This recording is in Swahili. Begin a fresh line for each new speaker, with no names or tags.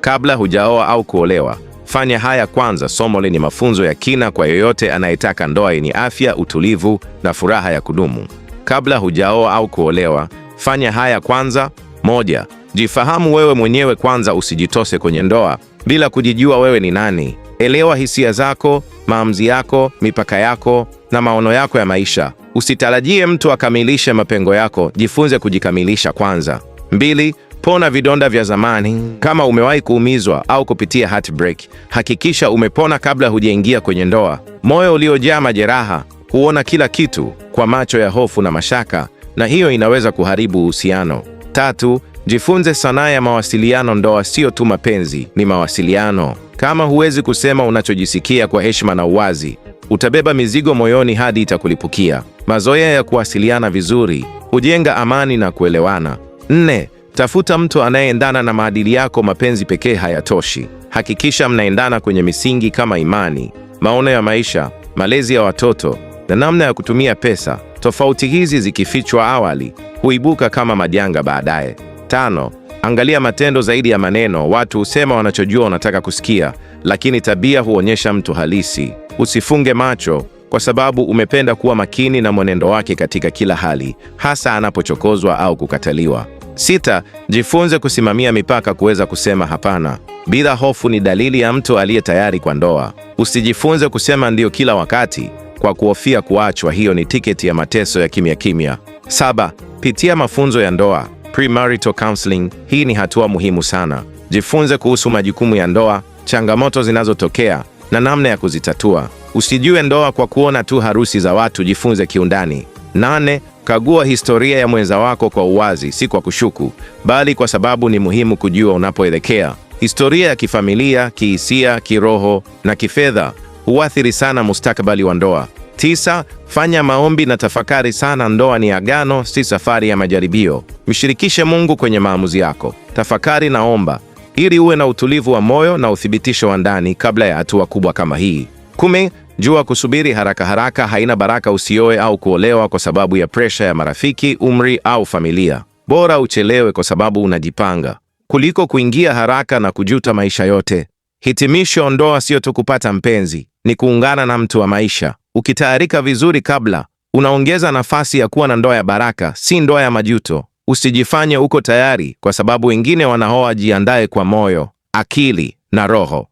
Kabla hujaoa au kuolewa, fanya haya kwanza. Somo lenye mafunzo ya kina kwa yoyote anayetaka ndoa yenye afya, utulivu na furaha ya kudumu. Kabla hujaoa au kuolewa, fanya haya kwanza. Moja, jifahamu wewe mwenyewe kwanza. Usijitose kwenye ndoa bila kujijua wewe ni nani. Elewa hisia zako, maamuzi yako, mipaka yako na maono yako ya maisha. Usitarajie mtu akamilishe mapengo yako, jifunze kujikamilisha kwanza. Mbili, kupona vidonda vya zamani. Kama umewahi kuumizwa au kupitia heartbreak, hakikisha umepona kabla hujaingia kwenye ndoa. Moyo uliojaa majeraha huona kila kitu kwa macho ya hofu na mashaka, na hiyo inaweza kuharibu uhusiano. Tatu, jifunze sanaa ya mawasiliano. Ndoa sio tu mapenzi, ni mawasiliano. Kama huwezi kusema unachojisikia kwa heshima na uwazi, utabeba mizigo moyoni hadi itakulipukia. Mazoea ya kuwasiliana vizuri hujenga amani na kuelewana. Nne, Tafuta mtu anayeendana na maadili yako. Mapenzi pekee hayatoshi, hakikisha mnaendana kwenye misingi kama imani, maono ya maisha, malezi ya watoto na namna ya kutumia pesa. Tofauti hizi zikifichwa awali huibuka kama majanga baadaye. Tano, angalia matendo zaidi ya maneno. Watu husema wanachojua wanataka kusikia, lakini tabia huonyesha mtu halisi. Usifunge macho kwa sababu umependa kuwa makini na mwenendo wake katika kila hali, hasa anapochokozwa au kukataliwa. Sita, jifunze kusimamia mipaka, kuweza kusema hapana bila hofu ni dalili ya mtu aliye tayari kwa ndoa. Usijifunze kusema ndiyo kila wakati kwa kuhofia kuachwa, hiyo ni tiketi ya mateso ya kimya kimya. Saba, pitia mafunzo ya ndoa premarital counseling. Hii ni hatua muhimu sana. Jifunze kuhusu majukumu ya ndoa, changamoto zinazotokea na namna ya kuzitatua. Usijue ndoa kwa kuona tu harusi za watu, jifunze kiundani. Nane, Kagua historia ya mwenza wako kwa uwazi, si kwa kushuku, bali kwa sababu ni muhimu kujua unapoelekea. Historia ya kifamilia, kihisia, kiroho na kifedha huathiri sana mustakabali wa ndoa. Tisa, fanya maombi na tafakari sana. Ndoa ni agano, si safari ya majaribio. Mshirikishe Mungu kwenye maamuzi yako. Tafakari na omba ili uwe na utulivu wa moyo na uthibitisho wa ndani kabla ya hatua kubwa kama hii. Kumi, Jua kusubiri haraka haraka haina baraka. Usioe au kuolewa kwa sababu ya presha ya marafiki, umri au familia. Bora uchelewe kwa sababu unajipanga, kuliko kuingia haraka na kujuta maisha yote. Hitimisho: ndoa sio tu kupata mpenzi, ni kuungana na mtu wa maisha. Ukitayarika vizuri kabla, unaongeza nafasi ya kuwa na ndoa ya baraka, si ndoa ya majuto. Usijifanye uko tayari, kwa sababu wengine wanaoa. jiandaye kwa moyo, akili na roho.